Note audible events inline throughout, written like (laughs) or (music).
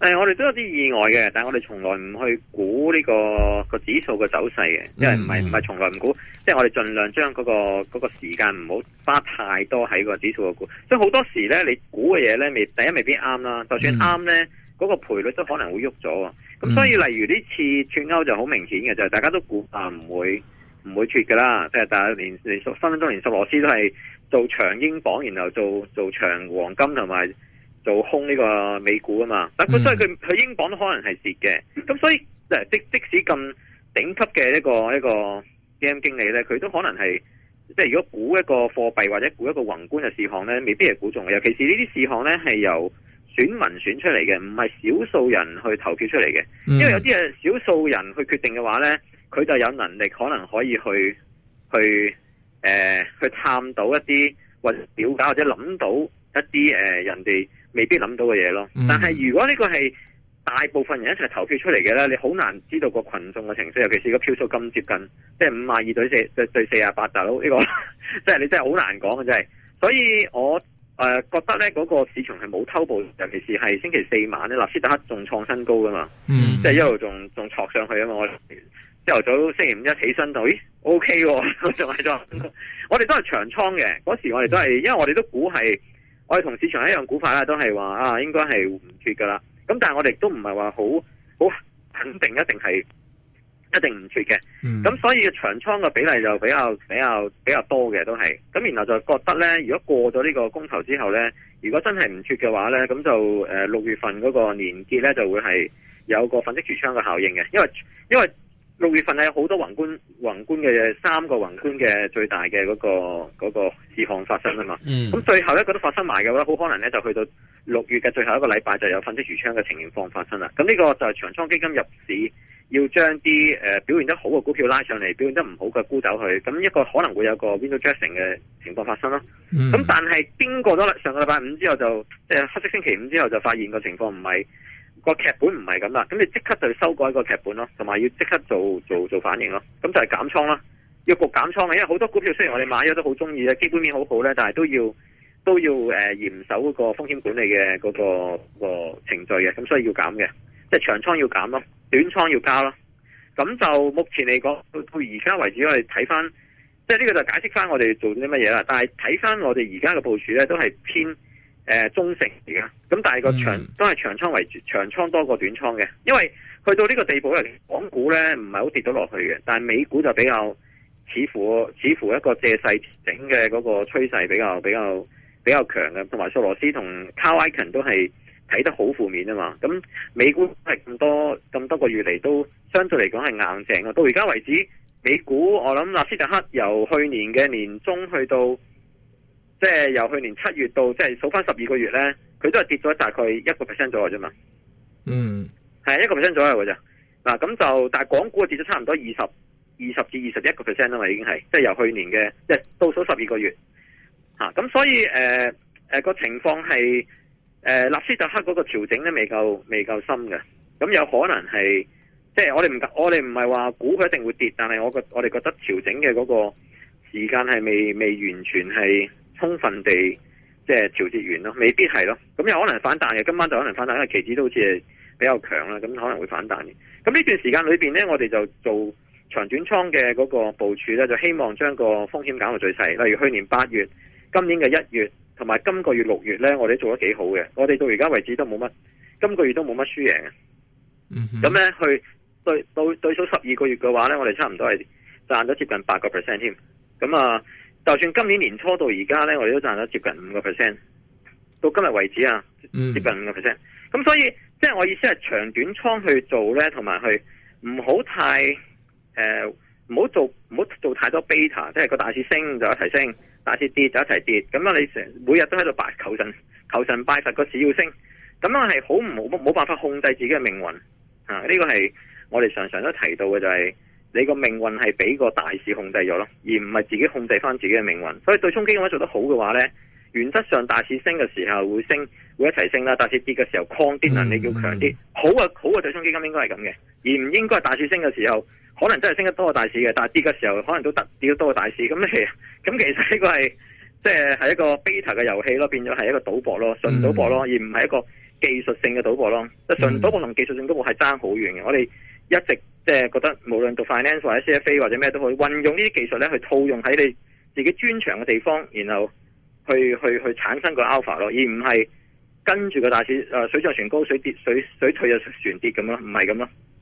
誒、哎，我哋都有啲意外嘅，但係我哋從來唔去估呢、這個個指數嘅走勢嘅，因為唔係唔係從來唔估，即係我哋盡量將嗰、那個嗰、那個時間唔好花太多喺個指數嘅估，所以好多時咧，你估嘅嘢咧，未第一未必啱啦，就算啱咧，嗰、嗯、個賠率都可能會喐咗啊！咁、嗯、所以例如呢次脫歐就好明顯嘅，就係大家都估啊唔會唔會脫㗎啦，即係大家連連分分鐘連索羅斯都係做長英鎊，然後做做，做長黃金同埋。做空呢個美股啊嘛，但係佢、嗯、所以佢佢英鎊都可能係跌嘅，咁所以即係即即使咁頂級嘅一個一個基金經理咧，佢都可能係即係如果估一個貨幣或者估一個宏觀嘅事項咧，未必係估中嘅，尤其是呢啲事項咧係由選民選出嚟嘅，唔係少數人去投票出嚟嘅，嗯、因為有啲係少數人去決定嘅話咧，佢就有能力可能可以去去誒、呃、去探到一啲或者了解或者諗到一啲誒人哋。未必諗到嘅嘢咯，但係如果呢個係大部分人一齊投票出嚟嘅咧，你好難知道個群眾嘅情緒，尤其是個票數咁接近，即係五十二對四十八，大佬呢個即係你真係好難講嘅真係。所以我誒覺得咧嗰個市場係冇偷步，尤其是係星期四晚咧，納斯達克仲創新高噶嘛，嗯、即係一路仲仲挫上去啊嘛。我朝頭早星期五一起身，咦，O K 喎，就係咁。我哋 (laughs) 都係長倉嘅，嗰時我哋都係，因為我哋都估係。我哋同市場一樣股票，估法，啦都係話啊，應該係唔脫噶啦。咁但係我哋都唔係話好好肯定，一定是，一定係一定唔脫嘅。咁、嗯、所以長倉嘅比例就比較比較比較多嘅，都係。咁然後就覺得呢，如果過咗呢個公投之後呢，如果真係唔脫嘅話呢，咁就誒六、呃、月份嗰個年結呢，就會係有個粉飾櫥窗嘅效應嘅，因為因為。六月份咧有好多宏觀宏觀嘅三個宏觀嘅最大嘅嗰，那個那個事項發生啊嘛，咁、mm hmm. 最後一個都發生埋嘅話，好可能咧就去到六月嘅最後一個禮拜就有粉飾櫥窗嘅情形況發生啦。咁呢個就係長倉基金，金入市要將啲誒，呃、表現得好嘅股票拉上嚟，表現得唔好嘅沽走佢，咁一個可能會有個 window dressing 嘅情況發生咯。咁、mm hmm. 但係經過咗啦，上個禮拜五之後就即係，就是，黑色星期五之後就發現個情況唔係。個劇本唔係咁啦，咁你即刻就要修改個劇本咯，同埋要即刻做做做反應咯，咁就係減倉啦，要逐步減倉啊，因為好多股票雖然我哋買咗都好中意咧，基本面好好咧，但係都要都要誒嚴守嗰個風險管理嘅嗰個、嗰個程序嘅，咁所以要減嘅，即係長倉要減咯，短倉要加咯，咁就目前嚟講，到而家為止我哋睇翻，即係呢個就解釋翻我哋做啲乜嘢啦，但係睇翻我哋而家嘅部署咧都係偏。誒、呃、中性而家，咁但係個長都係長倉為主，長倉多過短倉嘅，因為去到呢個地步咧，港股咧唔係好跌到落去嘅，但係美股就比較似乎似乎一個借勢整嘅嗰個趨勢比較比較比較強嘅，同埋索羅斯同 Carl Icahn 都係睇得好負面啊嘛，咁美股係咁多咁多個月嚟都相對嚟講係硬淨啊，到而家為止，美股我諗納斯達克由去年嘅年中去到。即係由去年七月到，即係數翻十二個月咧，佢都係跌咗大概一個 percent 左右啫嘛。嗯，係一個 percent 左右嘅啫。嗱，咁就但係港股啊跌咗差唔多二十二十至二十一個 percent 啊嘛，已經係即係由去年嘅即係倒數十二個月吓，咁、啊、所以誒誒個情況係誒納斯達克嗰個調整咧未夠未夠深嘅，咁有可能係即係我哋唔我哋唔係話估佢一定會跌，但係我覺我哋覺得調整嘅嗰個時間係未未完全係。充分地即係、就是、調節完咯，未必係咯，咁有可能反彈嘅。今晚就可能反彈，因為期指都好似比較強啦，咁可能會反彈嘅。咁呢段時間裏邊呢，我哋就做長短倉嘅嗰個部署呢，就希望將個風險減到最細。例如去年八月、今年嘅一月同埋今個月六月呢，我哋做得幾好嘅。我哋到而家為止都冇乜，今個月都冇乜輸贏。嗯哼，咁呢，去對到對數十二個月嘅話呢，我哋差唔多係賺咗接近八個 percent 添。咁啊～就算今年年初到而家呢，我哋都賺咗接近五個 percent。到今日為止啊，接近五個 percent。咁、mm hmm. 所以，即係我意思係長短倉去做呢，同埋去唔好太、呃、唔好做唔好做太多 beta，即係個大市升就一齊升，大市跌就一齊跌。咁樣你成每日都喺度拜求神，求神拜佛，個市要升，咁樣係好冇冇辦法控制自己嘅命運啊！呢、這個係我哋常常都提到嘅就係、是。你個命運係俾個大市控制咗咯，而唔係自己控制翻自己嘅命運。所以對沖基金做得好嘅話呢，原則上大市升嘅時候會升，會一齊升啦；大市跌嘅時候抗跌能力要強啲。好啊，好啊，對沖基金應該係咁嘅，而唔應該係大市升嘅時候可能真係升得多過大市嘅，但係跌嘅時候可能都跌得,得多過大市。咁咁其實呢個係即係係一個 beta 嘅遊戲咯，變咗係一個賭博咯，純賭博咯，而唔係一個技術性嘅賭博咯。即係純賭博同技術性賭博係爭好遠嘅。我哋一直。即係覺得無論做 finance 或者 CFA 或者咩都可以運用呢啲技術咧，去套用喺你自己專長嘅地方，然後去去去產生個 alpha 咯，而唔係跟住個大市誒水漲船高，水跌水水退就船跌咁咯，唔係咁咯。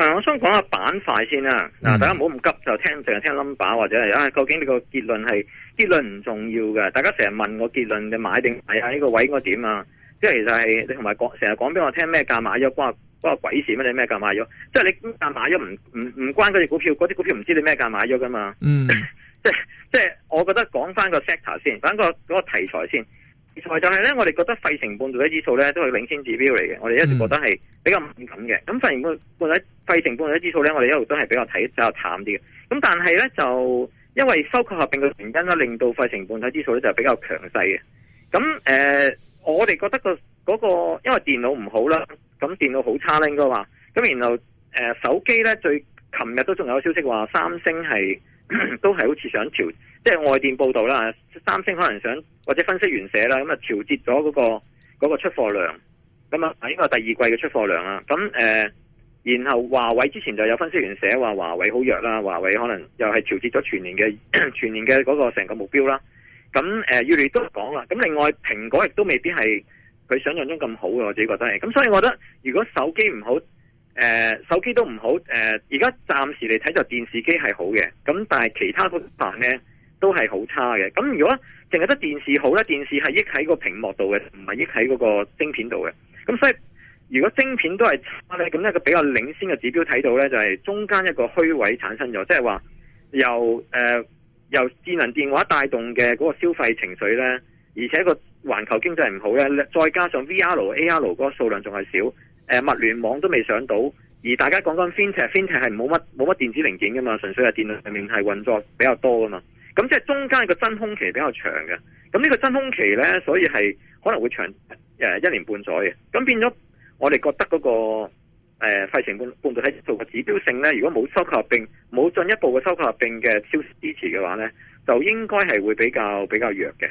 嗯、我想講下板塊先啦。嗱，大家唔好咁急就聽，成日聽 number 或者係啊，究竟你個結論係結論唔重要嘅。大家成日問我結論，你買定唔喺呢個位應該點啊？即係其實係你同埋講，成日講俾我聽咩價買咗，關關鬼事咩？啊？你咩價買咗？即、就、係、係、你價買咗唔唔唔關嗰隻股票，嗰啲股票唔知你咩價買咗噶嘛？嗯，即係即係，我覺得講翻個 sector 先，講、嗰個嗰、嗰個題材先。就係咧，我哋覺得費城半導體指數咧都係領先指標嚟嘅，我哋一直覺得係比較敏感嘅。咁費、嗯、城半導體費城半導體指數咧，我哋一路都係比較睇比較淡啲嘅。咁但係咧，就因為收購合併嘅原因啦，令到費城半導體指數咧就是、比較強勢嘅。咁誒、呃，我哋覺得、個嗰個因為電腦唔好啦，咁電腦好差啦應該話。咁然後誒、呃，手機咧，最琴日都仲有消息話三星係。都係好似想調，即係外電報道啦，三星可能想或者分析員寫啦，咁啊調節咗嗰個、嗰個出貨量，咁啊呢個第二季嘅出貨量啦，咁誒、呃，然後華為之前就有分析員寫話華為好弱啦，華為可能又係調節咗全年嘅全年嘅嗰個成個目標啦，咁誒、呃、越嚟都講啦，咁另外蘋果亦都未必係佢想象中咁好嘅，我自己覺得係，咁所以我覺得如果手機唔好，誒、呃，手機都唔好，誒、呃，而家暫時嚟睇就電視機係好嘅，咁但係其他嗰塊呢，都係好差嘅。咁如果淨係得電視好呢，電視係益喺個屏幕度嘅，唔係益喺嗰個晶片度嘅。咁所以如果晶片都係差呢，咁、那、呢個比較領先嘅指標睇到呢，就係、是、中間一個虛位產生咗，即係話由誒、呃、由智能電話帶動嘅嗰個消費情緒呢，而且個環球經濟唔好呢，再加上 VR、AR 嗰個數量仲係少。誒，物聯網都未上到。而大家講緊 FinTech，FinTech 係冇乜冇乜電子零件噶嘛，純粹係電腦上面係運作比較多噶嘛。咁即係中間嘅真空期比較長嘅。咁呢個真空期呢，所以係可能會長誒、呃、一年半載嘅。咁變咗我哋覺得嗰、那個誒費城半半導體做個指標性呢，如果冇收購合併，冇進一步嘅收購合併嘅支支持嘅話呢，就應該係會比較比較弱嘅。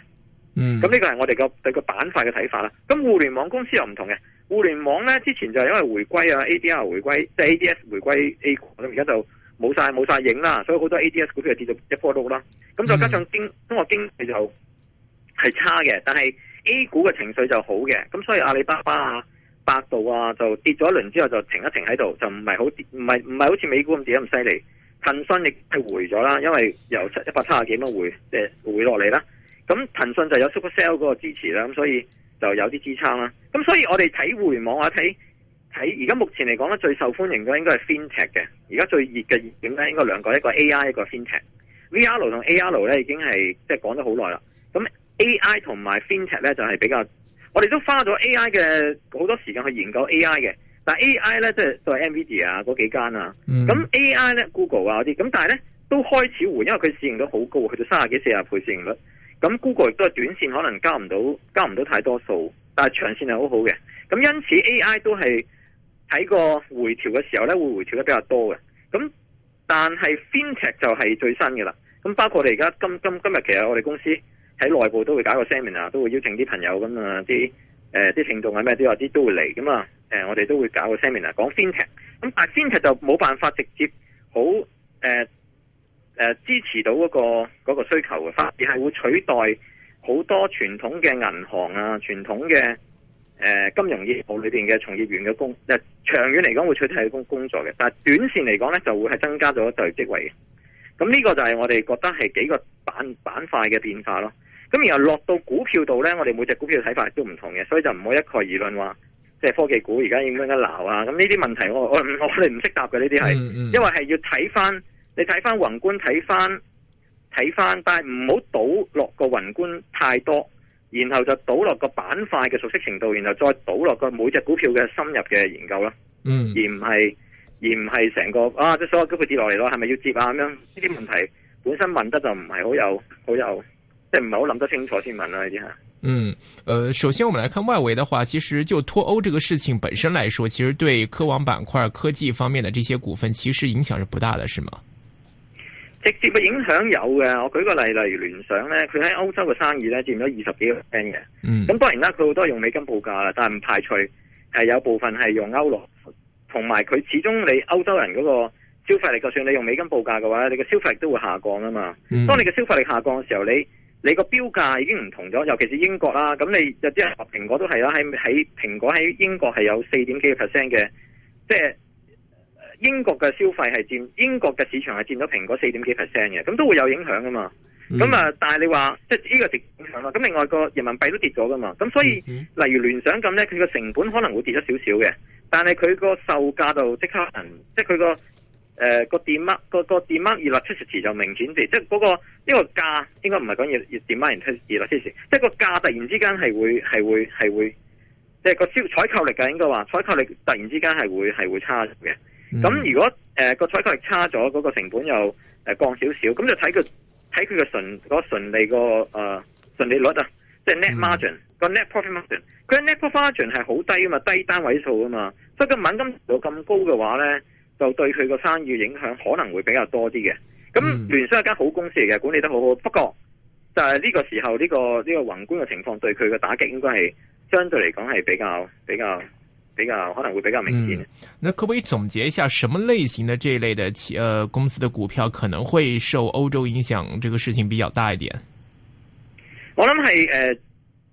咁呢、嗯、個係我哋個對一個板塊嘅睇法啦。咁互聯網公司又唔同嘅。互聯網呢，之前就係因為回歸啊，ADR 回歸即係 ADS 回歸 A 股咁，而家就冇晒冇晒影啦，所以好多 ADS 股票就跌到一波碌啦。咁再加上經因為經濟就係差嘅，但係 A 股嘅情緒就好嘅，咁所以阿里巴巴啊、百度啊就跌咗一輪之後就停一停喺度，就唔係好跌唔係唔係好似美股咁跌得咁犀利。騰訊亦係回咗啦，因為由七一百七十幾蚊回即係回落嚟啦。咁騰訊就有 Supercell 嗰個支持啦，咁所以。就有啲支撐啦，咁所以我哋睇互聯網啊，睇睇而家目前嚟講咧最受歡迎嘅應該係 FinTech 嘅，而家最熱嘅熱點咧應該兩個一個 AI 一個 FinTech，VR 同 AR 咧已經係即係講咗好耐啦。咁 AI 同埋 FinTech 咧就係、是、比較，我哋都花咗 AI 嘅好多時間去研究 AI 嘅，但係 AI 咧即係都係 NVIDIA 啊嗰幾間、嗯、啊，咁 AI 咧 Google 啊嗰啲，咁但係咧都開始換，因為佢市盈率好高，去到三十幾四十倍市盈率。咁 Google 亦都係短線可能交唔到，交唔到太多數，但係長線係好好嘅。咁因此 AI 都係喺個回調嘅時候咧，會回調得比較多嘅。咁但係 FinTech 就係最新嘅啦。咁包括我哋而家今今今日其實我哋公司喺內部都會搞個 Seminar，、um、都會邀請啲朋友咁啊，啲誒啲聽眾啊咩啲有啲都會嚟㗎嘛。誒、呃，我哋都會搞個 Seminar、um、講 FinTech。咁但係 FinTech 就冇辦法直接好誒。呃誒、呃，支持到嗰、那個嗰、那個需求嘅，反而係會取代好多傳統嘅銀行啊，傳統嘅誒、呃、金融業務裏邊嘅從業員嘅工，誒、呃、長遠嚟講會取代工工作嘅，但係短線嚟講呢就會係增加咗對職位嘅。咁呢個就係我哋覺得係幾個板板塊嘅變化咯。咁然後落到股票度呢，我哋每隻股票睇法都唔同嘅，所以就唔好一概而論話即係科技股而家應該唔應該鬧啊。咁呢啲問題我我我哋唔識答嘅呢啲係，因為係要睇返。你睇翻宏觀，睇翻睇翻，但係唔好倒落個宏觀太多，然後就倒落個板塊嘅熟悉程度，然後再倒落個每隻股票嘅深入嘅研究啦。嗯，而唔係而唔係成個啊，即係所有股票跌落嚟咯，係咪要接啊？咁樣呢啲問題本身問得就唔係好有好有，即係唔係好諗得清楚先問啦呢啲。嗯、誒、呃，首先我們來看外圍嘅話，其實就脱歐呢個事情本身來說，其實對科網板塊、科技方面嘅這些股份，其實影響是不大嘅，是嗎？直接嘅影響有嘅，我舉個例，例如聯想咧，佢喺歐洲嘅生意咧佔咗二十幾個 percent 嘅。咁、嗯、當然啦，佢好多係用美金報價啦，但係唔排除係有部分係用歐羅。同埋佢始終你歐洲人嗰個消費力，就算你用美金報價嘅話，你嘅消費力都會下降啊嘛。嗯、當你嘅消費力下降嘅時候，你你個標價已經唔同咗，尤其是英國啦。咁你有啲係蘋果都係啦，喺喺蘋果喺英國係有四點幾個 percent 嘅，即係英國嘅消費係佔英國嘅市場係佔咗蘋果四點幾 percent 嘅，咁都會有影響噶嘛。咁啊、mm hmm.，但係你話即係呢個跌影響啦。咁另外個人民幣都跌咗噶嘛。咁所以、mm hmm. 例如聯想咁咧，佢個成本可能會跌咗少少嘅，但係佢個售價就即刻即係佢個誒個電媽個個電媽熱率七十字就明顯啲，即係嗰個呢、這個價應該唔係講熱熱電媽熱率七十即係個價突然之間係會係會係會即係、就是、個消採購力㗎，應該話採購力突然之間係會係會差嘅。咁、嗯、如果誒個採購力差咗，嗰、那個成本又誒降少少，咁就睇佢睇佢個純嗰個純利個誒純利率啊，即、就、係、是、net margin 個、嗯、net profit margin，佢個 net profit margin 係好低噶嘛，低單位數噶嘛，所以個敏感度咁高嘅話咧，就對佢個生意影響可能會比較多啲嘅。咁聯想係一間好公司嚟嘅，管理得好好，不過就係呢個時候呢、這個呢、這個宏觀嘅情況對佢嘅打擊應該係相對嚟講係比較比較，比較比較可能會比較明顯。嗯、那可唔可以總結一下，什麼類型的這一類的企，呃，公司的股票可能會受歐洲影響，這個事情比較大一點？我諗係誒，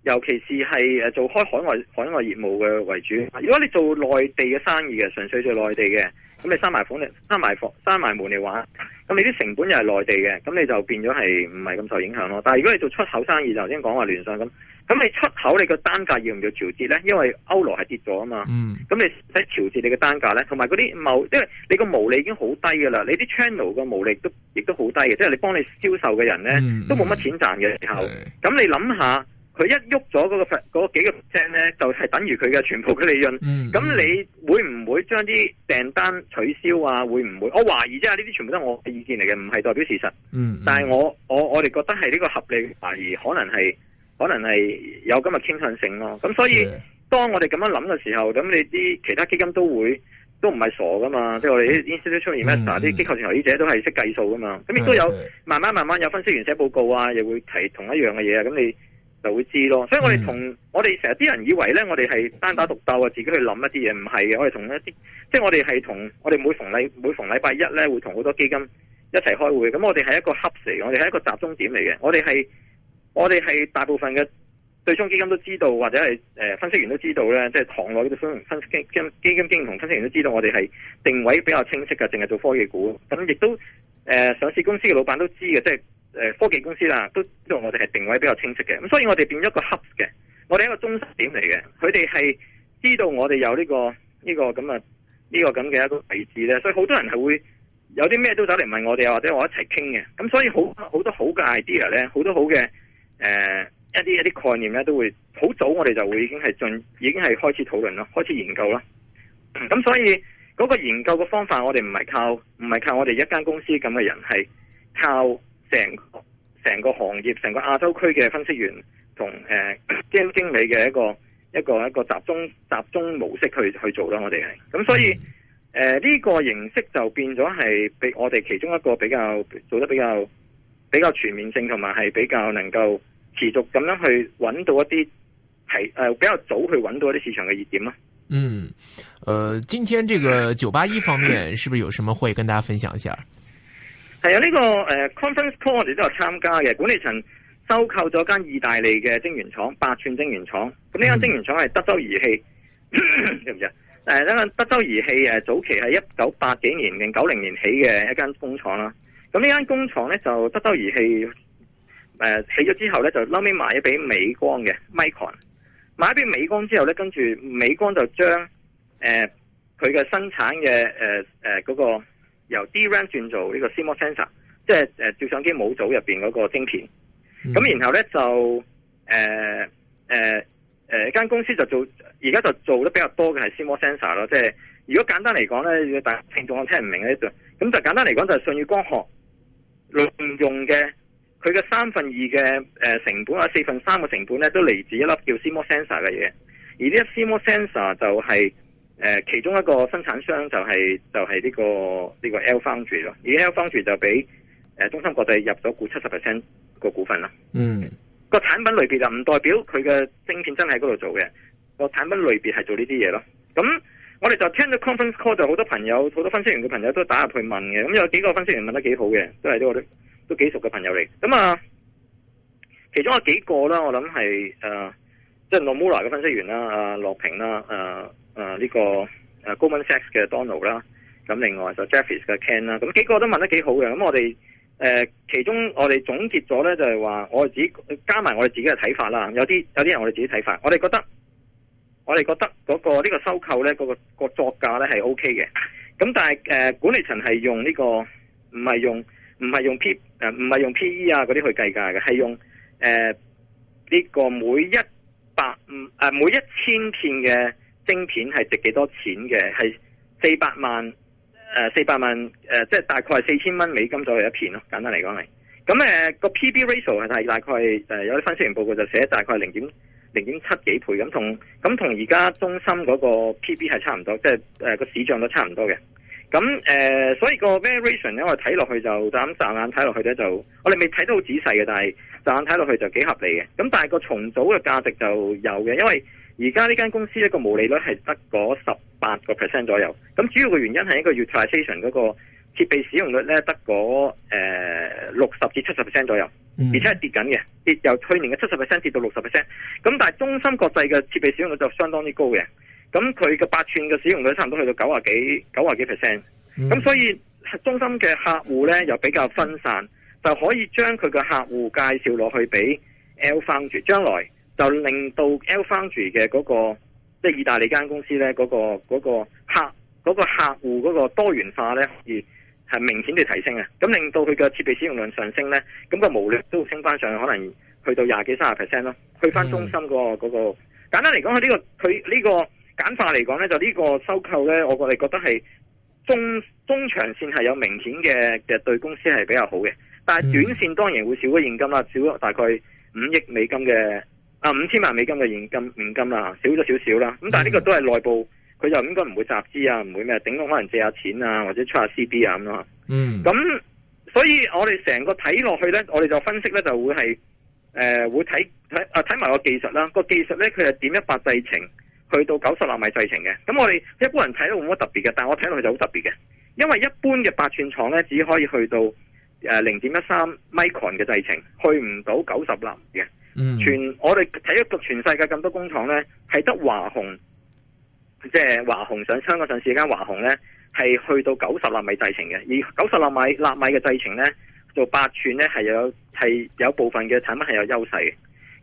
尤其是係誒做開海外海外業務嘅為主。如果你做內地嘅生意嘅，純粹做內地嘅，咁你閂埋房嚟，閂埋房閂埋門嘅話，咁你啲成本又係內地嘅，咁你就變咗係唔係咁受影響咯。但係如果你做出口生意，就頭先講話聯想咁。咁你出口你個單價要唔要調節咧？因為歐羅係跌咗啊嘛。咁、嗯、你使調節你個單價咧，同埋嗰啲毛，因為你個毛利已經好低噶啦，你啲 channel 個毛利都亦都好低嘅，即、就、係、是、你幫你銷售嘅人咧、嗯、都冇乜錢賺嘅時候。咁的你諗下，佢一喐咗嗰個嗰幾個 percent 咧，就係、是、等於佢嘅全部嘅利潤。咁、嗯、你會唔會將啲訂單取消啊？會唔會？我懷疑啫，呢啲全部都係我嘅意見嚟嘅，唔係代表事實。嗯、但係我我我哋覺得係呢個合理懷疑，可能係。可能係有今日傾向性咯，咁所以當我哋咁樣諗嘅時候，咁你啲其他基金都會都唔係傻噶嘛，即係我哋啲 institutional investor 啲、嗯嗯、機構型投資者都係識計數噶嘛，咁亦都有、嗯嗯、慢慢慢慢有分析員寫報告啊，又會提同一樣嘅嘢啊，咁你就會知咯。所以我哋同、嗯、我哋成日啲人以為咧，我哋係單打獨鬥啊，自己去諗一啲嘢，唔係嘅，我哋同一啲，即係我哋係同我哋每逢禮每逢禮拜一咧，會同好多基金一齊開會，咁我哋係一個 hub，我哋係一個集中點嚟嘅，我哋係。我哋係大部分嘅對沖基金都知道，或者係誒分析員都知道咧，即係堂內嘅分析基金、基金經理同分析員都知道，金金知道我哋係定位比較清晰嘅，淨係做科技股。咁亦都誒、呃、上市公司嘅老闆都知嘅，即係誒、呃、科技公司啦，都知道我哋係定位比較清晰嘅。咁所以我哋變咗個 hub 嘅，我哋一個中心點嚟嘅。佢哋係知道我哋有呢、呢個呢、呢個咁啊呢個咁嘅一個位置咧，所以好多人係會有啲咩都走嚟問我哋，或者我一齊傾嘅。咁所以好好多好嘅 idea 咧，好多好嘅。誒、uh，一啲一啲概念咧，都會好早，我哋就會已經係進，已經係開始討論啦，開始研究啦。咁 (laughs) 所以嗰、那個研究嘅方法，我哋唔係靠，唔係靠我哋一間公司咁嘅人，係靠成成個，個行業、成個亞洲區嘅分析員同誒基金經理嘅一個一個一個，一個集中集中模式去去做啦。我哋係咁，所以誒呢、呃這個形式就變咗係比我哋其中一個比較做得比較。比較全面性同埋係比較能夠持續咁樣去揾到一啲係誒比較早去揾到一啲市場嘅熱點啊。嗯，誒、呃，今天這個九八一方面，咳咳是不是有什麼會跟大家分享一下？係啊、嗯，呢個誒 conference call 我哋都有參加嘅，管理層收購咗間意大利嘅晶圓廠，八寸晶圓廠。咁呢間晶圓廠係德州儀器，知唔知啊？誒，等等，德州儀器誒，早期係一九八幾年定九零年起嘅一間工廠啦。咁呢間工廠咧就德州儀器，誒、呃、起咗之後咧就後尾買咗俾美光嘅 Micron，買咗俾美光之後咧，跟住美光就將誒佢嘅生產嘅誒誒嗰個由 DRAM 轉做呢個 CMOS sensor，即係誒照相機模組入邊嗰個晶片。咁、嗯、然後咧就誒誒誒間公司就做，而家就做得比較多嘅係 CMOS sensor 咯。即係如果簡單嚟講咧，大家聽眾聽唔明咧就，咁就簡單嚟講就係信譽光學。用嘅，佢嘅三分二嘅誒成本啊，四分三嘅成本咧都嚟自一粒叫 CMOS Sensor 嘅嘢，而呢一 CMOS Sensor 就係、是、誒、呃、其中一個生產商就係、是、就係、是、呢、這個呢、這個 L Foundry 咯，而 L Foundry 就俾誒中芯國際入咗股七十 percent 個股份啦。嗯，個產品類別就唔代表佢嘅芯片真係喺嗰度做嘅，那個產品類別係做呢啲嘢咯。咁、嗯。我哋就聽到 conference call，就好多朋友、好多分析員嘅朋友都打入去問嘅，咁、嗯、有幾個分析員問得幾好嘅，都係呢我都都幾熟嘅朋友嚟。咁、嗯、啊，其中有幾個啦，我諗係誒，即、呃、係、就是、Nomura 嘅分析員啦、阿、啊、樂平啦、誒、啊、呢、啊這個 Goldman Sachs 嘅 Donald 啦、啊，咁另外就 Jefferies 嘅 Ken 啦、啊，咁、嗯、幾個都問得幾好嘅。咁、嗯、我哋誒、呃、其中我哋總結咗咧，就係、是、話我哋自己加埋我哋自己嘅睇法啦。有啲有啲人我哋自己睇法，我哋覺得。我哋覺得嗰、那個呢、這個收購呢嗰、那個、那個作價呢係 OK 嘅。咁但係、呃、管理層係用呢、這個唔係用唔係用 P 誒唔係用 PE 啊嗰啲去計價嘅，係用誒呢、呃這個每一百、呃、每一千片嘅晶片係值幾多錢嘅？係四百萬誒、呃、四百萬誒、呃，即係大概係四千蚊美金左右一片咯。簡單嚟講係咁誒個、呃、PB ratio 係大概、呃、有啲分析員報告就寫大概零點。零點七幾倍，咁同咁同而家中心嗰個 PB 係差唔多，即係誒個市賬都差唔多嘅。咁誒、呃，所以個 valuation 咧，我哋睇落去就但咁眨眼睇落去咧，就我哋未睇得好仔細嘅，但係眨眼睇落去就幾合理嘅。咁但係個重組嘅價值就有嘅，因為而家呢間公司一個毛利率係得嗰十八個 percent 左右。咁主要嘅原因係一個 utilisation 嗰個設備使用率咧得嗰六十至七十 percent 左右。而且係跌緊嘅，跌由去年嘅七十 percent 跌到六十 percent。咁但係中芯國際嘅設備使用率就相當之高嘅。咁佢嘅八吋嘅使用率差唔多去到九啊幾九啊幾 percent。咁、嗯、所以中芯嘅客戶咧又比較分散，就可以將佢嘅客戶介紹落去俾 LFoundry。將來就令到 LFoundry 嘅嗰個即係、就是、意大利間公司咧嗰、那個、那個客嗰、那個客戶嗰個多元化咧可以明顯地提升嘅，咁令到佢嘅設備使用量上升咧，咁個毛量都升翻上去，可能去到廿幾三十 percent 咯。去翻中芯嗰、嗰個嗰個、嗯、簡單嚟講，佢、這、呢個佢呢、呢個簡化嚟講咧，就、這、呢個收購咧，我我哋覺得係中中長線係有明顯嘅嘅對公司係比較好嘅，但係短線當然會少咗現金啦，少咗大概五億美金嘅啊五千萬美金嘅現金現金啦，少咗少少啦。咁但係呢個都係內部。佢就應該唔會集資啊，唔會咩，頂多可能借下錢啊，或者出下 CB 啊咁咯、啊。嗯、mm.，咁所以我哋成個睇落去咧，我哋就分析咧就會係誒、呃、會睇睇啊睇埋個技術啦。個技術咧佢係點一百製程去到九十納米製程嘅。咁我哋一般人睇到冇乜特別嘅，但係我睇落去就好特別嘅，因為一般嘅八寸廠咧只可以去到誒零點一三 micron 嘅製程，去唔到九十納嘅。嗯、mm.，全我哋睇一個全世界咁多工廠咧，係得華虹。即係華虹上香港上市，間華虹咧係去到九十納米製程嘅，而九十納米納米嘅製程咧做八寸咧係有係有部分嘅產品係有優勢嘅。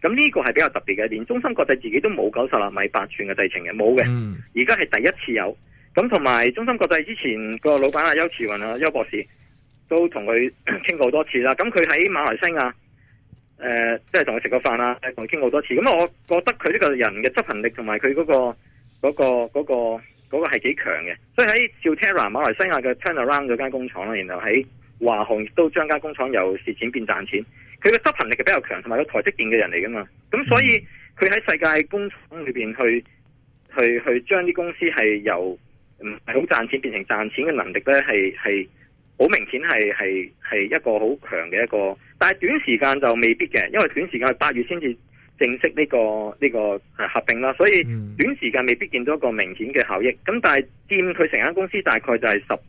咁呢個係比較特別嘅，連中芯國際自己都冇九十納米八寸嘅製程嘅，冇嘅。而家係第一次有。咁同埋中芯國際之前個老闆啊邱慈雲啊，邱博士都同佢傾過好多次啦。咁佢喺馬來西亞誒，即係同佢食過飯啊，同佢傾過好多次。咁我覺得佢呢個人嘅執行力同埋佢嗰個。嗰個嗰個嗰個係幾強嘅，所以喺 SilTerra 馬來西亞嘅 turnaround 嗰間工廠啦，然後喺華虹亦都將間工廠由蝕錢變賺錢，佢嘅執行力係比較強，同埋個台積電嘅人嚟㗎嘛，咁所以佢喺世界工廠裏面去去去將啲公司係由唔係好賺錢變成賺錢嘅能力咧，係係好明顯係係係一個好強嘅一個，但係短時間就未必嘅，因為短時間係八月先至。正式呢、這個呢、這個合併啦，所以短時間未必見到一個明顯嘅效益。咁但係佔佢成間公司大概就係十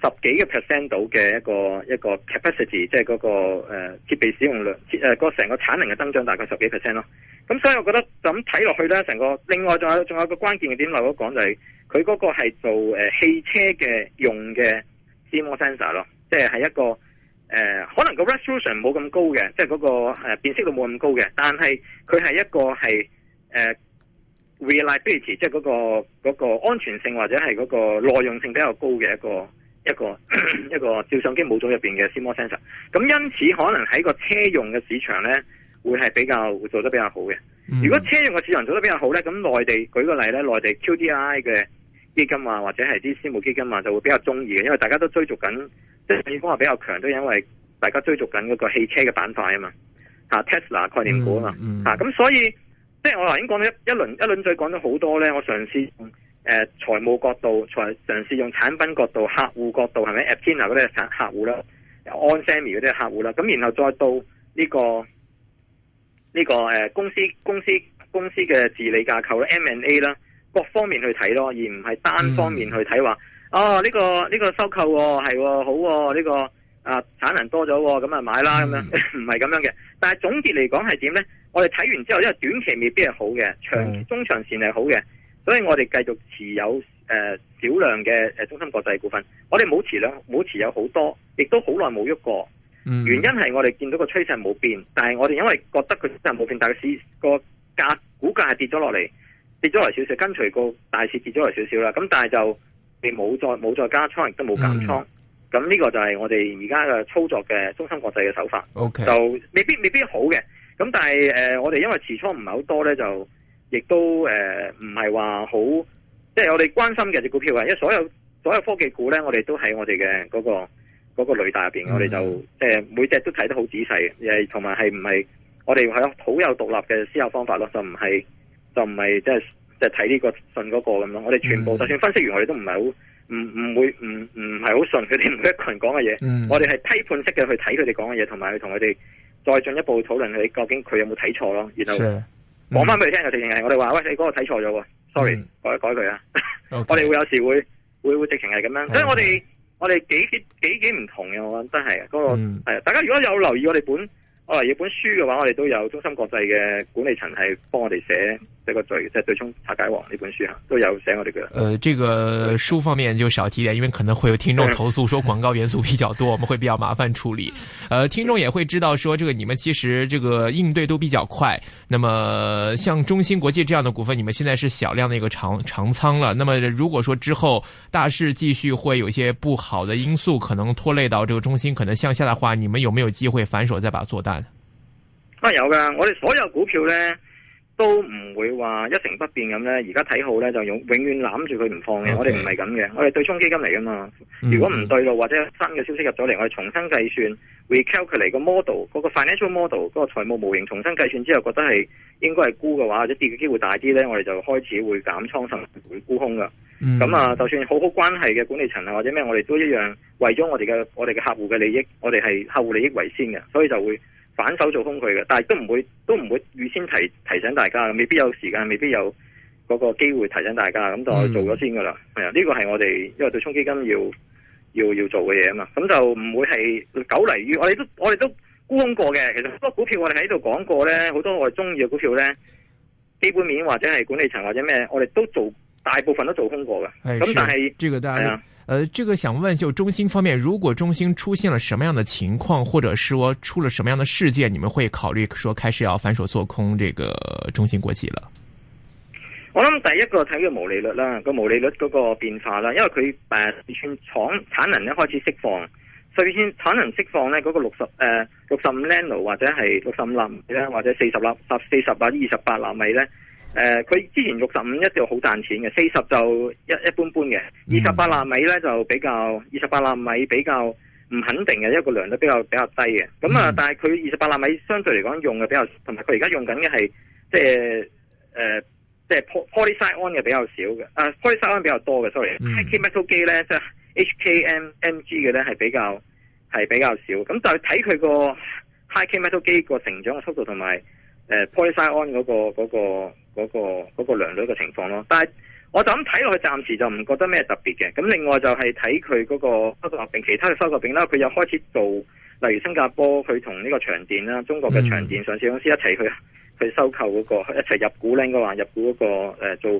十幾個 percent 度嘅一個一個 capacity，即係嗰、那個誒、呃、設備使用率，誒個成個產能嘅增長大概十幾 percent 咯。咁所以我覺得咁睇落去咧，成個另外仲有仲有一個關鍵嘅點，漏咗講就係佢嗰個係做誒、呃、汽車嘅用嘅 CMOS sensor 咯，即係係一個。誒、呃，可能個 resolution 冇咁高嘅，即係嗰、那個誒、呃、辨識度冇咁高嘅，但係佢係一個係誒、呃、reliability，即係嗰、那個嗰、那個安全性或者係嗰個耐用性比較高嘅一個一個咳咳一個照相機模組入邊嘅 CMOS sensor。咁因此可能喺個車用嘅市場咧，會係比較會做得比較好嘅。嗯、如果車用嘅市場做得比較好咧，咁內地舉個例咧，內地 QDII 嘅基金啊，或者係啲私募基金啊，就會比較中意嘅，因為大家都追逐緊。即係表現方法比較強，都因為大家追逐緊嗰個汽車嘅板塊啊嘛，吓 Tesla 概念股啊嘛，吓咁、嗯嗯啊、所以即係我頭先講咗一一輪一輪再講咗好多咧。我嘗試用誒財務角度，才嘗試用產品角度、客戶角度係咪 Aptina 嗰啲客戶、啊、On 那些客戶啦，有 Onsemi 嗰啲客戶啦，咁然後再到呢、這個呢、這個誒、呃、公司公司公司嘅治理架構啦、M&A 啦，各方面去睇咯，而唔係單方面去睇話。嗯哦，呢、這個呢、這個收購係、哦哦、好呢、哦這個啊產能多咗咁啊買啦咁、mm hmm. (laughs) 樣唔係咁樣嘅，但係總結嚟講係點呢？我哋睇完之後，因為短期未必係好嘅，長中長線係好嘅，所以我哋繼續持有誒少、呃、量嘅中芯國際股份。我哋冇持兩，冇持有好多，亦都好耐冇喐過。Mm hmm. 原因係我哋見到個趨勢冇變，但係我哋因為覺得佢真係冇變，但係市個價股價係跌咗落嚟，跌咗落嚟少少，跟隨個大市跌咗落嚟少少啦。咁但係就。你冇再冇再加倉亦都冇減倉，咁呢、嗯、個就係我哋而家嘅操作嘅中芯國際嘅手法。O Okay . K，就未必未必好嘅，咁但係誒、呃，我哋因為持倉唔係好多咧，就亦都誒唔係話好，即、就、係、是、我哋關心嘅隻股票啊，因為所有所有科技股咧，我哋都喺我哋嘅嗰個嗰、那個雷達入邊，我哋就即每隻都睇得好仔細，同埋係唔係我哋係好有獨立嘅思考方法咯，就唔係就唔係即係。就是就睇呢個信嗰個咁樣，我哋全部、mm. 就算分析完，我哋都唔係好，唔唔會唔唔係好信佢哋每一個人講嘅嘢。Mm. 我哋係批判式嘅去睇佢哋講嘅嘢，同埋去同佢哋再進一步討論佢究竟佢有冇睇錯咯。然後講翻俾你聽就直情係我哋話喂你嗰、那個睇錯咗，sorry，、mm. 改一改佢啊。Okay. (laughs) 我哋會有時會會會直情係咁樣。Okay. 所以我哋我哋幾幾幾幾唔同嘅，我，的我覺得真係嗰、那個係、mm.。大家如果有留意我哋本我留意本書嘅話，我哋都有中芯國際嘅管理層係幫我哋寫。這個在即係對沖拆解王呢本書、啊、都有寫我哋個。誒、呃，這個書方面就少提點，因為可能會有聽眾投訴，說廣告元素比較多， (laughs) 我們會比較麻煩處理。呃，聽眾也會知道說，這個你們其實這個應對都比較快。那麼，像中芯國際這樣的股份，你們現在是小量的一個長長倉了。那麼，如果說之後大市繼續會有一些不好的因素，可能拖累到這個中芯可能向下的話，你們有沒有機會反手再把它做大呢？啊，有㗎，我哋所有股票呢，都唔會話一成不變咁呢。而家睇好呢，就永永遠攬住佢唔放嘅 Okay.。我哋唔係咁嘅，我哋對沖基金嚟噶嘛。Mm hmm. 如果唔對路或者新嘅消息入咗嚟，我哋重新計算 recalculate，mm hmm. 個 model，嗰個 financial model，嗰個財務模型重新計算之後，覺得係應該係沽嘅話，或者跌嘅機會大啲呢，我哋就開始會減倉甚至會沽空噶。咁啊，mm，hmm. 就算好好關係嘅管理層啊或者咩，我哋都一樣為咗我哋嘅我哋嘅客戶嘅利益，我哋係客戶利益為先嘅，所以就會。反手做空佢嘅，但係都唔會都唔會預先提提醒大家，未必有時間，未必有嗰個機會提醒大家，咁就我做咗先噶啦。係啊、嗯，呢個係我哋因為對沖基金要要要做嘅嘢啊嘛，咁就唔會係久嚟。於我哋都我哋都沽空過嘅。其實好多股票我哋喺度講過咧，好多我哋中意嘅股票咧，基本面或者係管理層或者咩，我哋都做。大部分都做空過嘅，咁、哎、但係是，個大家誒，呢、啊呃這個想問就中芯方面，如果中芯出現咗什麼樣嘅情況，或者說出了什麼樣嘅事件，你們會考慮說開始要反手做空呢個中芯國際了？我諗第一個睇嘅毛利率啦，個毛利率嗰個變化啦，因為佢誒，全廠產能咧開始釋放，所以先產能釋放咧嗰個六十誒六十五 l e 或者係六十五粒或者四十粒十四十粒二十八納米咧。誒，佢、呃、之前六十五一定好賺錢嘅，四十就一一般般嘅，二十八納米咧就比較二十八納米比較唔肯定嘅，因為個量都比較比較低嘅。咁啊、嗯，但係佢二十八納米相對嚟講用嘅比較，同埋佢而家用緊嘅係即係誒，即、就、係、是呃就是、polysilicon 嘅比較少嘅，誒、啊、polysilicon 比較多嘅。Sorry，high、嗯、k metal 機咧即係 HKMG 嘅咧係比較係比較少。咁但係睇佢個 high k metal 機個成長嘅速度同埋。誒 Poison 嗰個嗰個嗰個嗰個嘅情況咯，但係我就咁睇落去，暫時就唔覺得咩特別嘅。咁另外就係睇佢嗰個收購並其他嘅收購並啦，佢又開始做，例如新加坡，佢同呢個長電啦、中國嘅長電上市公司一齊去去收購嗰個一齊入股咧，應該話入股嗰個呃、做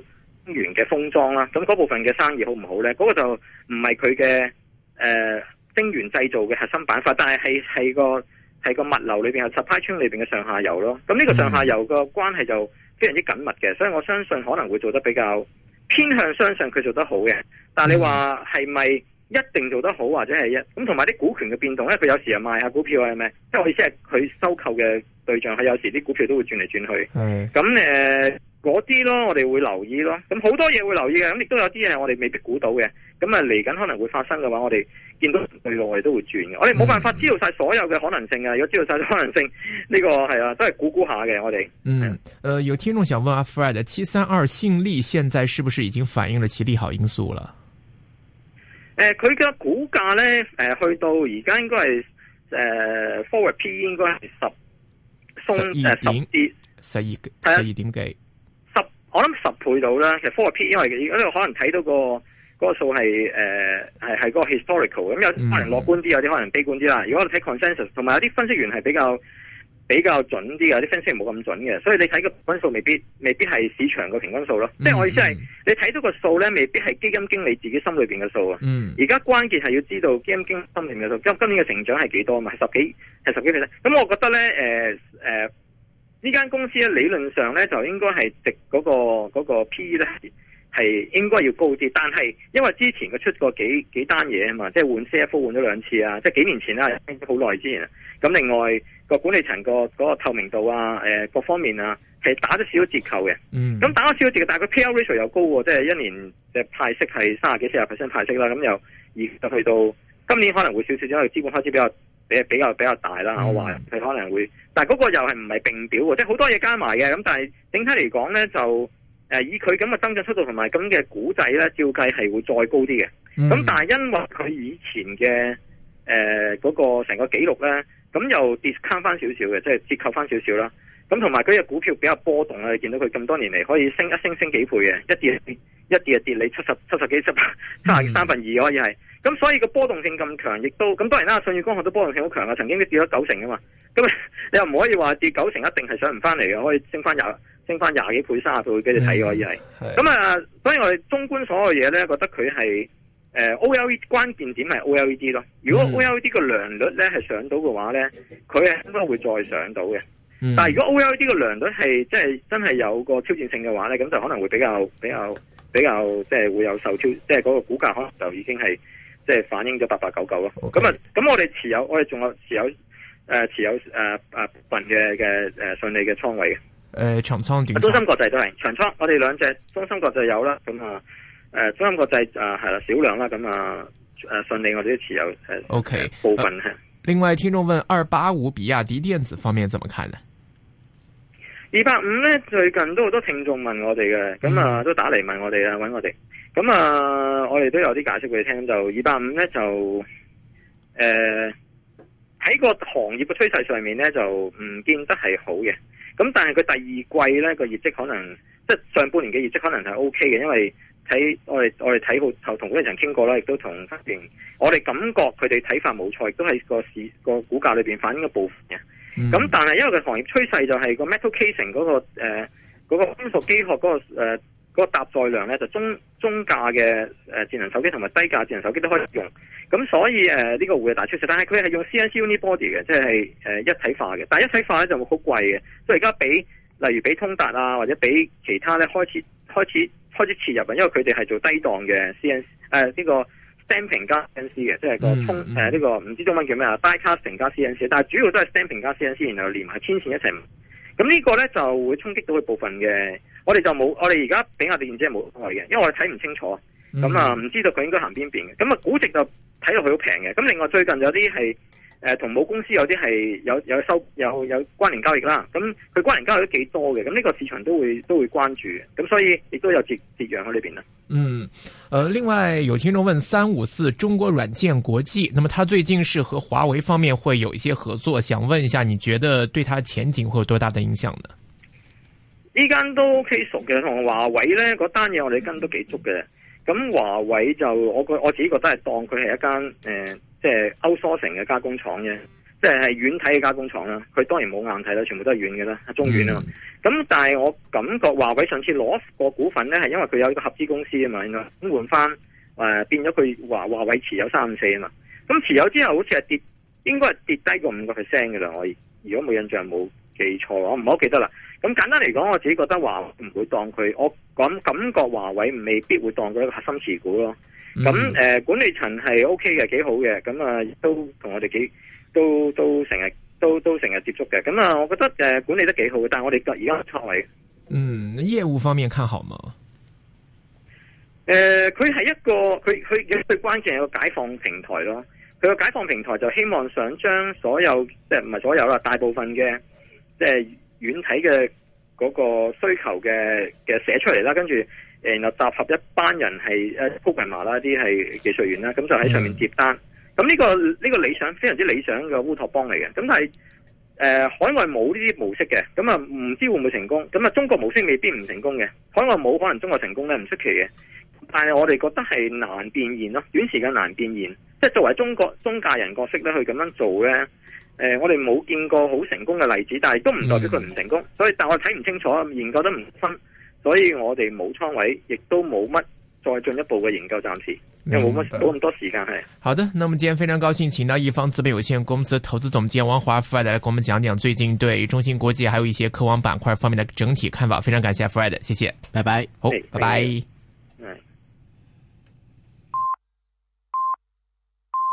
晶圓嘅封裝啦。咁嗰部分嘅生意好唔好咧？嗰個就唔係佢嘅誒晶圓製造嘅核心板塊，但係係係個。係個物流裏邊，有十 u p p l 裏邊嘅上下游咯。咁、嗯、呢個上下游個關係就非常之緊密嘅，所以我相信可能會做得比較偏向相信佢做得好嘅。但係你話係咪一定做得好，或者係一咁同埋啲股權嘅變動咧？佢有時又賣下股票係咩？即係我意思係佢收購嘅對象，佢有時啲股票都會轉嚟轉去。係咁誒。嗯.嗰啲咯，我哋會留意咯。咁好多嘢會留意嘅，咁亦都有啲嘢我哋未必估到嘅。咁啊，嚟緊可能會發生嘅話，我哋見到對路我哋都會轉嘅。我哋冇辦法知道晒所有嘅可能性啊！嗯、如果知道晒可能性，呢、這個係啊，都係估估下嘅。我哋嗯，誒、呃，有聽眾想問阿、啊、Fred，七三二信利現在是不是已經反映咗其利好因素了？誒、呃，佢嘅股價咧，誒、呃，去到而家應該係誒，forward P 應該係十，十二點，十二十二點幾。我諗十倍到啦，其實 f o r P 因為而家可能睇到、嗰個嗰、嗰個數係誒係係嗰個 historical 咁有可能樂觀啲，有啲可能悲觀啲啦。如果我哋睇 consensus，同埋有啲分析員係比較比較準啲，有啲分析員冇咁準嘅，所以你睇個平均數未必未必係市場個平均數咯。即係、mm hmm. 我意思係你睇到個數咧，未必係基金經理自己心裏邊嘅數啊。而家、mm hmm. 關鍵係要知道基金經理心裏邊嘅數，今今年嘅成長係幾多啊嘛？係十幾，係十幾倍咧。咁我覺得咧，誒、呃、誒。呃呢間公司咧，理論上咧，就應該係值嗰個嗰個 P 咧，係應該要高啲，但係因為之前佢出過幾幾單嘢啊嘛，即係換 CFO 換咗兩次啊，即係幾年前啦，好耐之前。咁另外個管理層個嗰個透明度啊，誒、呃、各方面啊，係打咗少少折扣嘅。嗯。咁打咗少少折扣，但係個 P ratio 又高喎，啊，即係一年嘅派息係三十幾四十 percent 派息啦。咁又而就去到今年可能會少少，因為資本開支比較。比比較比較大啦，我話佢可能會，mm. 但係嗰個又係唔係併表喎，即係好多嘢加埋嘅，咁但係整體嚟講咧就，誒以佢咁嘅增長速度同埋咁嘅估計咧，照計係會再高啲嘅，咁、mm. 但係因為佢以前嘅，誒、呃、嗰、嗰個成個記錄咧，咁又跌慳翻少少嘅，即係折扣翻少少啦，咁同埋佢嘅股票比較波動咧，你見到佢咁多年嚟可以升一升升幾倍嘅，一跌一跌就跌，一跌你七十七十幾、mm. (laughs) 七三三分二可以係。咁所以個波動性咁強，亦都咁當然啦，信譽光學都波動性好強啊！曾經都跌咗九成噶嘛，咁你又唔可以話跌九成一定係上唔翻嚟嘅，可以升翻廿升翻廿幾倍、卅倍，畀你睇嘅可以係。咁啊，所以我哋綜觀所有嘢咧，覺得佢係誒 O L E 關鍵點係 O L E D 咯。如果 O L E D 個良率咧係上到嘅話咧，佢係應該會再上到嘅。嗯、但係如果 O L E D 個良率係即係真係有個挑戰性嘅話咧，咁就可能會比較比較比較即係、就是、會有受挑，即係嗰個股價可能就已經係。即係反映咗八八九九咯，咁啊 Okay.，咁我哋持有，我哋仲有持有，誒持有誒誒部分嘅嘅誒順利嘅倉位嘅，誒長倉短。中芯國際都係長倉，我哋兩隻中芯國際有啦，咁啊，誒中芯國際誒係啦，少量啦，咁啊誒順利我哋都持有，誒 OK 部分份係、啊。另外聽眾問二八五比亞迪電子方面怎麼看呢？二八五咧最近都好多聽眾問我哋嘅，咁啊、嗯嗯、都打嚟問我哋啊，搵我哋。咁啊，我哋都有啲解釋俾你聽。就二百五咧，就誒喺、呃、個行業嘅趨勢上面咧，就唔見得係好嘅。咁但係佢第二季咧個業績可能即係上半年嘅業績可能係 O K 嘅，因為睇我哋我哋睇好頭同管理層傾過啦，亦都同分邊我哋感覺佢哋睇法冇錯，都係個市個股價裏邊反映個部分嘅。咁、嗯、但係因為佢行業趨勢就係個 metal casing 嗰、那個誒嗰、呃那個金屬機殼嗰個誒。呃個搭載量咧就中中價嘅誒智能手機同埋低價智能手機都可以用，咁所以誒呢、呃呢個會係大趨勢。但係佢係用 CNC Uni Body 嘅，即係誒一體化嘅。但係一體化咧就會好貴嘅，所以而家俾例如俾通達啊，或者俾其他咧開始開始開始切入嘅，因為佢哋係做低檔嘅 CNC 呢、呃呢個 Stamping 加 NC 嘅，即係個通，誒呢、嗯嗯呃呢個唔知中文叫咩啊，Diecast 成加 CNC，但係主要都係 Stamping 加 CNC，然後連埋天線一齊。咁呢個咧就會衝擊到佢部分嘅。我哋就冇，我哋而家比亞迪現只係冇開嘅，因為我哋睇唔清楚，咁啊唔知道佢應該行邊邊嘅，咁啊估值就睇落去好平嘅，咁另外最近有啲係誒同母公司有啲係有有收有有關聯交易啦，咁、嗯、佢關聯交易都幾多嘅，咁、這、呢個市場都會都會關注，咁、嗯、所以亦都有節節揚喺呢邊啦。嗯，誒、呃，另外有聽眾問三五四中國軟件國際，那麼它最近是和華為方面會有一些合作，想問一下你覺得對他前景會有多大的影響呢？呢間都 OK 熟嘅，同華為咧嗰單嘢，我哋跟都幾足嘅。咁華為就我我自己覺得係當佢係一間誒、呃，即係 outsourcing 嘅加工廠啫，即係係軟體嘅加工廠啦。佢當然冇硬體啦，全部都係軟嘅啦，係中軟啊嘛。咁、嗯、但係我感覺華為上次攞個股份咧，係因為佢有一個合資公司啊嘛，應該咁換翻誒、呃，變咗佢華華為持有三五四啊嘛。咁持有之後好似係跌，應該係跌低過五個 percent 嘅啦。我如果冇印象冇記錯，我唔好記得啦。咁簡單嚟講，我自己覺得華為唔會當佢，我感感覺華為未必會當佢一個核心持股咯。咁誒、嗯呃、管理層係 O K 嘅，幾好嘅。咁、嗯、啊，都同我哋幾都都成日都都成日接觸嘅。咁、嗯、啊，我覺得誒、呃、管理得幾好嘅。但係我哋而家作為，嗯，業務方面看好嗎？誒、呃，佢係一個佢佢嘅最關鍵係個解放平台咯。佢個解放平台就希望想將所有即係唔係所有啦，大部分嘅即係。呃軟體嘅嗰個需求嘅嘅寫出嚟啦，跟住誒，然後集合一班人係誒 m 群麻啦，啲係、嗯、技術員啦，咁就喺上面接單。咁呢、這個呢、這個理想非常之理想嘅烏托邦嚟嘅。咁但係誒、呃，海外冇呢啲模式嘅，咁啊唔知會唔會成功？咁啊，中國模式未必唔成功嘅，海外冇可能中國成功咧，唔出奇嘅。但係我哋覺得係難變現咯，短時間難變現。即係作為中國中介人角色咧，去咁樣做咧。誒、呃，我哋冇見過好成功嘅例子，但係都唔代表佢唔成功。嗯、所以，但我睇唔清楚，研究得唔深，所以我哋冇倉位，亦都冇乜再進一步嘅研究，暫時，因為冇乜冇咁多時間係。好的，那我們今天非常高興，請到一方資本有限公司投資總監王華 Fred 嚟，Fred, 我們講講最近對中芯國際，還有一些科網板塊方面的整體看法。非常感謝 Fred 謝謝謝，拜拜，好，嘿拜拜。嘿嘿